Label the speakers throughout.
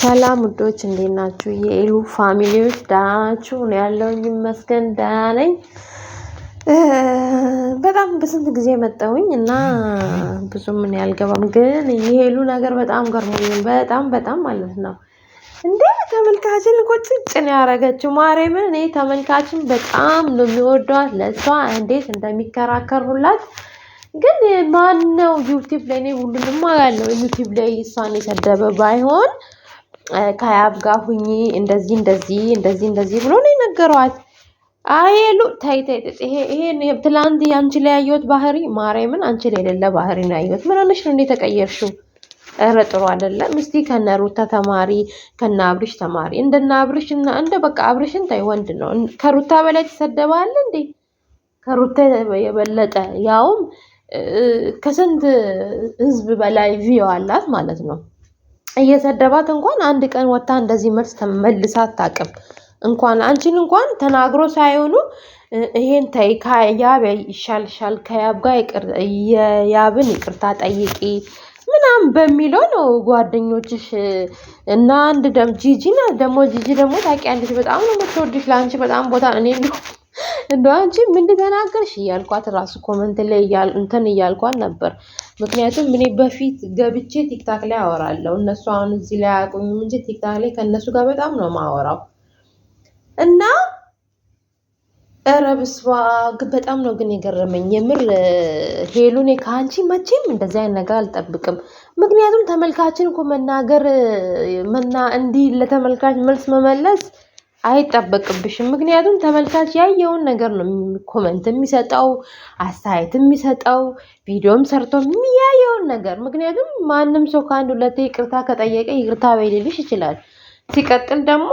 Speaker 1: ሰላም ውዶች እንዴት ናችሁ? የኤሉ ፋሚሊዎች ደህና ናችሁ? ነው ያለውኝ ይመስገን ደህና ነኝ። በጣም በስንት ጊዜ መጣሁኝ እና ብዙ ምን ያልገባም ግን የሄሉ ነገር በጣም ገርሞኝ በጣም በጣም ማለት ነው እንዴ ተመልካችን እኮ ጭጭ ነው ያደረገችው። ማርያምን እኔ ተመልካችን በጣም ነው የሚወዷት፣ ለእሷ እንዴት እንደሚከራከሩላት ግን ማን ነው ዩቲብ ላይ እኔ ሁሉንም አያለው ዩቲብ ላይ እሷን የሰደበ ባይሆን ከያብ ጋር ሁኚ እንደዚህ እንደዚህ እንደዚህ እንደዚህ ብሎ ነው የነገሯት። አየሉ ተይ ተይ፣ ይሄ ይሄ ትላንት አንቺ ላይ ያየሁት ባህሪ ማርያምን፣ አንቺ ላይ የሌለ ባህሪ ነው ያየሁት። ምን ሆነሽ ነው እንዴ ተቀየርሽው? ኧረ ጥሩ አይደለም። እስቲ ከነ ሩታ ተማሪ፣ ከነ አብርሽ ተማሪ። እንደነ አብርሽ እና እንደ በቃ አብርሽን ታይ፣ ወንድ ነው። ከሩታ በላይ ትሰደባለ እንዴ? ከሩታ የበለጠ ያውም ከስንት ህዝብ በላይ ቪው አላት ማለት ነው። እየሰደባት እንኳን አንድ ቀን ወጥታ እንደዚህ መልስ ተመልሳ አታውቅም። እንኳን አንቺን እንኳን ተናግሮ ሳይሆኑ ይሄን ተይ ከያብ ይሻልሻል፣ ከያብ ጋር የያብን ይቅርታ ጠይቂ ምናምን በሚለው ነው ጓደኞችሽ እና አንድ ደም ጂጂ ናት። ደግሞ ጂጂ ደግሞ ታውቂያለሽ፣ በጣም ነው የምትወድሽ፣ ለአንቺ በጣም ቦታ እኔ እንደ አንቺ ምን ተናገርሽ እያልኳት ራሱ ኮመንት ላይ እንትን እያልኳት ነበር። ምክንያቱም እኔ በፊት ገብቼ ቲክታክ ላይ አወራለሁ። እነሱ አሁን እዚህ ላይ አያውቁኝም እንጂ ቲክታክ ላይ ከእነሱ ጋር በጣም ነው ማወራው እና ኧረ በጣም ነው ግን የገረመኝ የምር ሄሉኔ ከአንቺ መቼም እንደዚህ አይነት ነገር አልጠብቅም። ምክንያቱም ተመልካችን እኮ መናገር መና እንዲህ ለተመልካች መልስ መመለስ አይጠበቅብሽም። ምክንያቱም ተመልካች ያየውን ነገር ነው ኮመንት የሚሰጠው፣ አስተያየት የሚሰጠው፣ ቪዲዮም ሰርቶ የሚያየውን ነገር። ምክንያቱም ማንም ሰው ከአንድ ሁለቴ ይቅርታ ከጠየቀ ይቅርታ በይልልሽ ይችላል። ሲቀጥል ደግሞ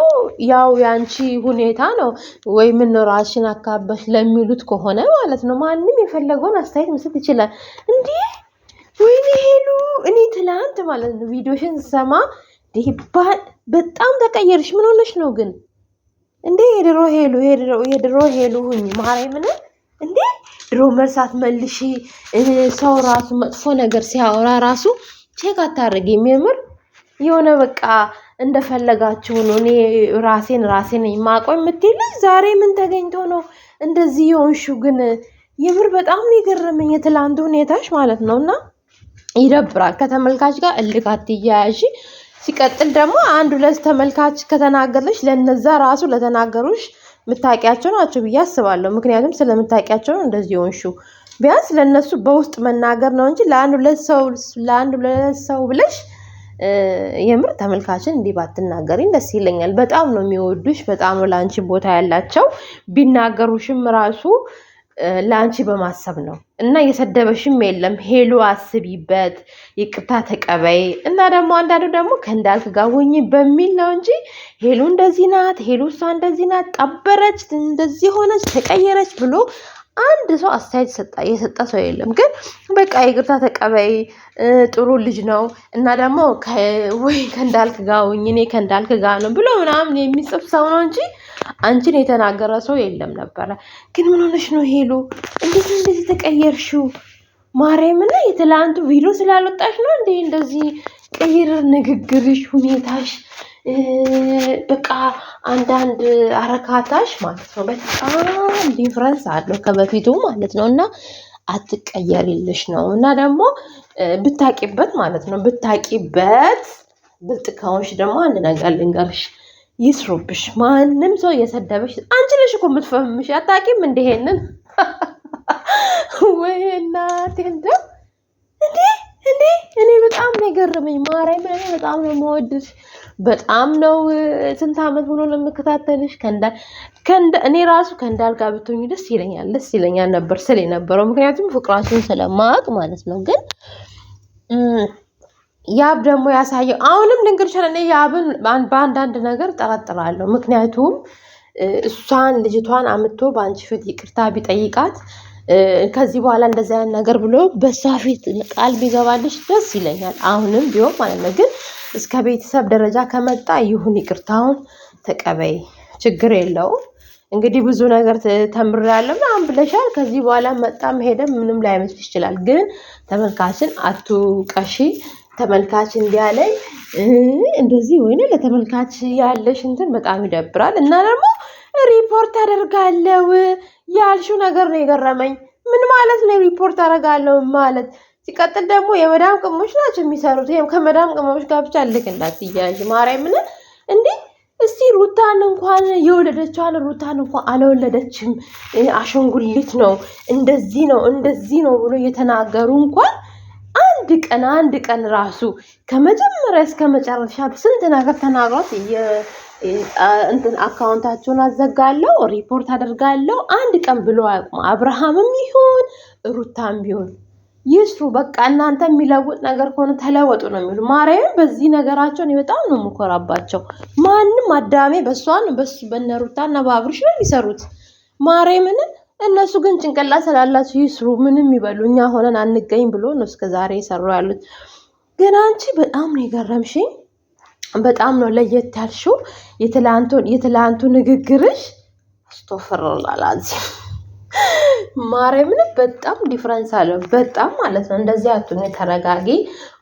Speaker 1: ያው ያንቺ ሁኔታ ነው ወይ ምን ራሽን አካበሽ ለሚሉት ከሆነ ማለት ነው ማንም የፈለገውን አስተያየት መስጠት ይችላል። እንዲህ ወይኔ ሄሉ እኔ ትላንት ማለት ነው ቪዲዮሽን ስሰማ በጣም ተቀየርሽ። ምን ሆነሽ ነው ግን እንዴ የድሮ ሄሉ የድሮ ሄሉ ሁኝ ማርያምን እንዴ ድሮ መርሳት መልሺ። ሰው ራሱ መጥፎ ነገር ሲያወራ ራሱ ቼክ አታደርጊ። የሚምር የሆነ በቃ እንደፈለጋችሁ ነው። እኔ ራሴን ራሴን ማቆ የምትል ዛሬ ምን ተገኝቶ ነው እንደዚህ የሆንሹ? ግን የምር በጣም የገረመኝ የትላንቱ ሁኔታሽ ማለት ነው። እና ይደብራል። ከተመልካች ጋር እልክ አትያያዥ። ሲቀጥል ደግሞ አንድ ሁለት ተመልካች ከተናገርሽ ለነዛ ራሱ ለተናገሩሽ ምታቂያቸው ናቸው ብዬ አስባለሁ። ምክንያቱም ስለምታቂያቸው ነው እንደዚህ ሆንሽው። ቢያንስ ለእነሱ በውስጥ መናገር ነው እንጂ ለአንድ ሁለት ሰው ለአንድ ሁለት ሰው ብለሽ የምር ተመልካችን እንዲህ ባትናገሪኝ ደስ ይለኛል። በጣም ነው የሚወዱሽ፣ በጣም ነው ለአንቺ ቦታ ያላቸው። ቢናገሩሽም ራሱ ለአንቺ በማሰብ ነው እና የሰደበሽም የለም። ሄሎ አስቢበት፣ ይቅርታ ተቀበይ እና ደግሞ አንዳንዱ ደግሞ ከእንዳልክ ጋር ሆኜ በሚል ነው እንጂ ሄሉ እንደዚህ ናት፣ ሄሉ እሷ እንደዚህ ናት፣ ጠበረች፣ እንደዚህ ሆነች፣ ተቀየረች ብሎ አንድ ሰው አስተያየት የሰጠ ሰው የለም። ግን በቃ ይቅርታ ተቀበይ፣ ጥሩ ልጅ ነው እና ደግሞ ወይ ከእንዳልክ ጋር ሆኜ እኔ ከእንዳልክ ጋር ነው ብሎ ምናምን የሚጽፍ ሰው ነው እንጂ አንቺን የተናገረ ሰው የለም ነበረ። ግን ምን ሆነሽ ነው ሄሉ? እንዴት እንደዚህ ተቀየርሽው? ማርያምና የትላንቱ ቪዲዮ ስላልወጣሽ ነው እንዴ እንደዚህ ቀይር? ንግግርሽ፣ ሁኔታሽ፣ በቃ አንዳንድ አረካታሽ ማለት ነው በጣም ዲፍረንስ አለው ከበፊቱ ማለት ነው እና አትቀየሪልሽ ነው እና ደግሞ ብታቂበት ማለት ነው ብታቂበት ብልጥ ከሆንሽ ደግሞ አንድ ነገር ልንገርሽ ይስሩብሽ። ማንም ሰው የሰደበሽ አንቺ ነሽ እኮ የምትፈምሽ። አታውቂም እንደ ይሄንን ወይ እናቴ እንደ እንዴ እንዴ እኔ በጣም ነው የገረመኝ። ማርያምን እኔ በጣም ነው የምወድሽ። በጣም ነው ስንት አመት ሆኖ ነው የምከታተልሽ። እኔ ራሱ ከእንዳል ጋር ብትሆኝ ደስ ይለኛል ደስ ይለኛል ነበር ስል የነበረው ምክንያቱም ፍቅራችን ስለማወቅ ማለት ነው ግን ያብ ደግሞ ያሳየው አሁንም ልንገርሽ፣ እኔ ያብን በአንዳንድ ነገር ጠረጥራለሁ። ምክንያቱም እሷን ልጅቷን አምቶ በአንቺ ፊት ይቅርታ ቢጠይቃት ከዚህ በኋላ እንደዚ አይነት ነገር ብሎ በእሷ ፊት ቃል ቢገባልሽ ደስ ይለኛል። አሁንም ቢሆን ማለት ነው። ግን እስከ ቤተሰብ ደረጃ ከመጣ ይሁን፣ ይቅርታውን ተቀበይ፣ ችግር የለውም። እንግዲህ ብዙ ነገር ተምሬያለሁ ምናምን ብለሻል። ከዚህ በኋላ መጣም ሄደም ምንም ላይመስል ይችላል። ግን ተመልካችን አቱ ቀሺ ተመልካች እንዲያለኝ እንደዚህ ወይ ለተመልካች ያለሽ እንትን በጣም ይደብራል። እና ደግሞ ሪፖርት አደርጋለው ያልሽው ነገር ነው የገረመኝ። ምን ማለት ነው ሪፖርት አደርጋለሁ ማለት? ሲቀጥል ደግሞ የመዳም ቅመሞች ናቸው የሚሰሩት። ይሄም ከመዳም ቅመሞች ጋር ብቻ ልክ እንዳትያያዥ ማርያምን። እንዴ እስቲ ሩታን እንኳን የወለደችዋን ሩታን እንኳን አለወለደችም አሸንጉሊት ነው እንደዚህ ነው እንደዚህ ነው ብሎ እየተናገሩ እንኳን አንድ ቀን አንድ ቀን ራሱ ከመጀመሪያ እስከ መጨረሻ ስንት ነገር ተናግሯት እንትን አካውንታቸውን አዘጋለሁ፣ ሪፖርት አደርጋለሁ አንድ ቀን ብሎ አያውቁም። አብርሃምም ይሁን ሩታም ቢሆን ይስሩ በቃ እናንተ የሚለውጥ ነገር ከሆነ ተለወጡ ነው የሚሉ ማርያም። በዚህ ነገራቸውን በጣም ነው የምኮራባቸው። ማንም አዳሜ በእሷን በሱ በነሩታና በአብርሽ ነው የሚሰሩት ማርያምንም እነሱ ግን ጭንቅላት ስላላቸው ይስሩ፣ ምንም ይበሉ፣ እኛ ሆነን አንገኝ ብሎ ነው እስከዛሬ የሰሩ ያሉት። ግን አንቺ በጣም ነው የገረምሽኝ። በጣም ነው ለየት ያልሽው። የትላንቱ ንግግርሽ አስቶፍርላላዚ ማርያምን በጣም ዲፍረንስ አለው። በጣም ማለት ነው። እንደዚህ አትሁን፣ ተረጋጊ።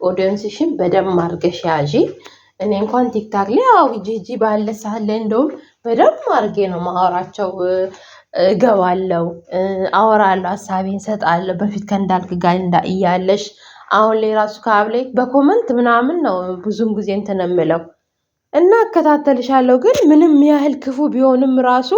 Speaker 1: ኦዲየንስሽን በደንብ አድርገሽ ያዢ። እኔ እንኳን ቲክታክ ላይ አው ጂጂ ባለ ሳለ እንደውም በደንብ አድርጌ ነው ማወራቸው እገባለሁ አወራለሁ ሀሳቤን እሰጣለሁ በፊት ከእንዳልክ ጋር እያለሽ አሁን ላይ ራሱ ከሀብ ላይ በኮመንት ምናምን ነው ብዙም ጊዜ እንትን የምለው እና እከታተልሻለሁ ግን ምንም ያህል ክፉ ቢሆንም ራሱ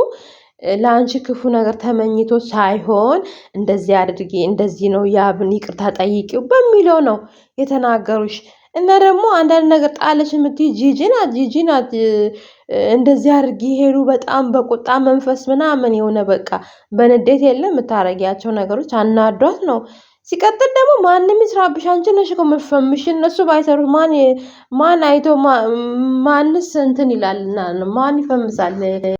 Speaker 1: ለአንቺ ክፉ ነገር ተመኝቶ ሳይሆን እንደዚህ አድርጌ እንደዚህ ነው ያብን ይቅርታ ጠይቂው በሚለው ነው የተናገሩሽ እና ደግሞ አንዳንድ ነገር ጣለች የምትይ ጂጂ ናት ጂጂ ናት። እንደዚህ አድርጊ ሄሉ በጣም በቁጣ መንፈስ ምናምን የሆነ በቃ በንዴት የለ የምታረጊያቸው ነገሮች አናዷት ነው። ሲቀጥል ደግሞ ማንም ይስራብሽ አንቺ ነሽ እኮ የምትፈምሽ። እነሱ ባይሰሩት ማን ማን አይቶ ማንስ እንትን ይላልና ማን ይፈምሳል?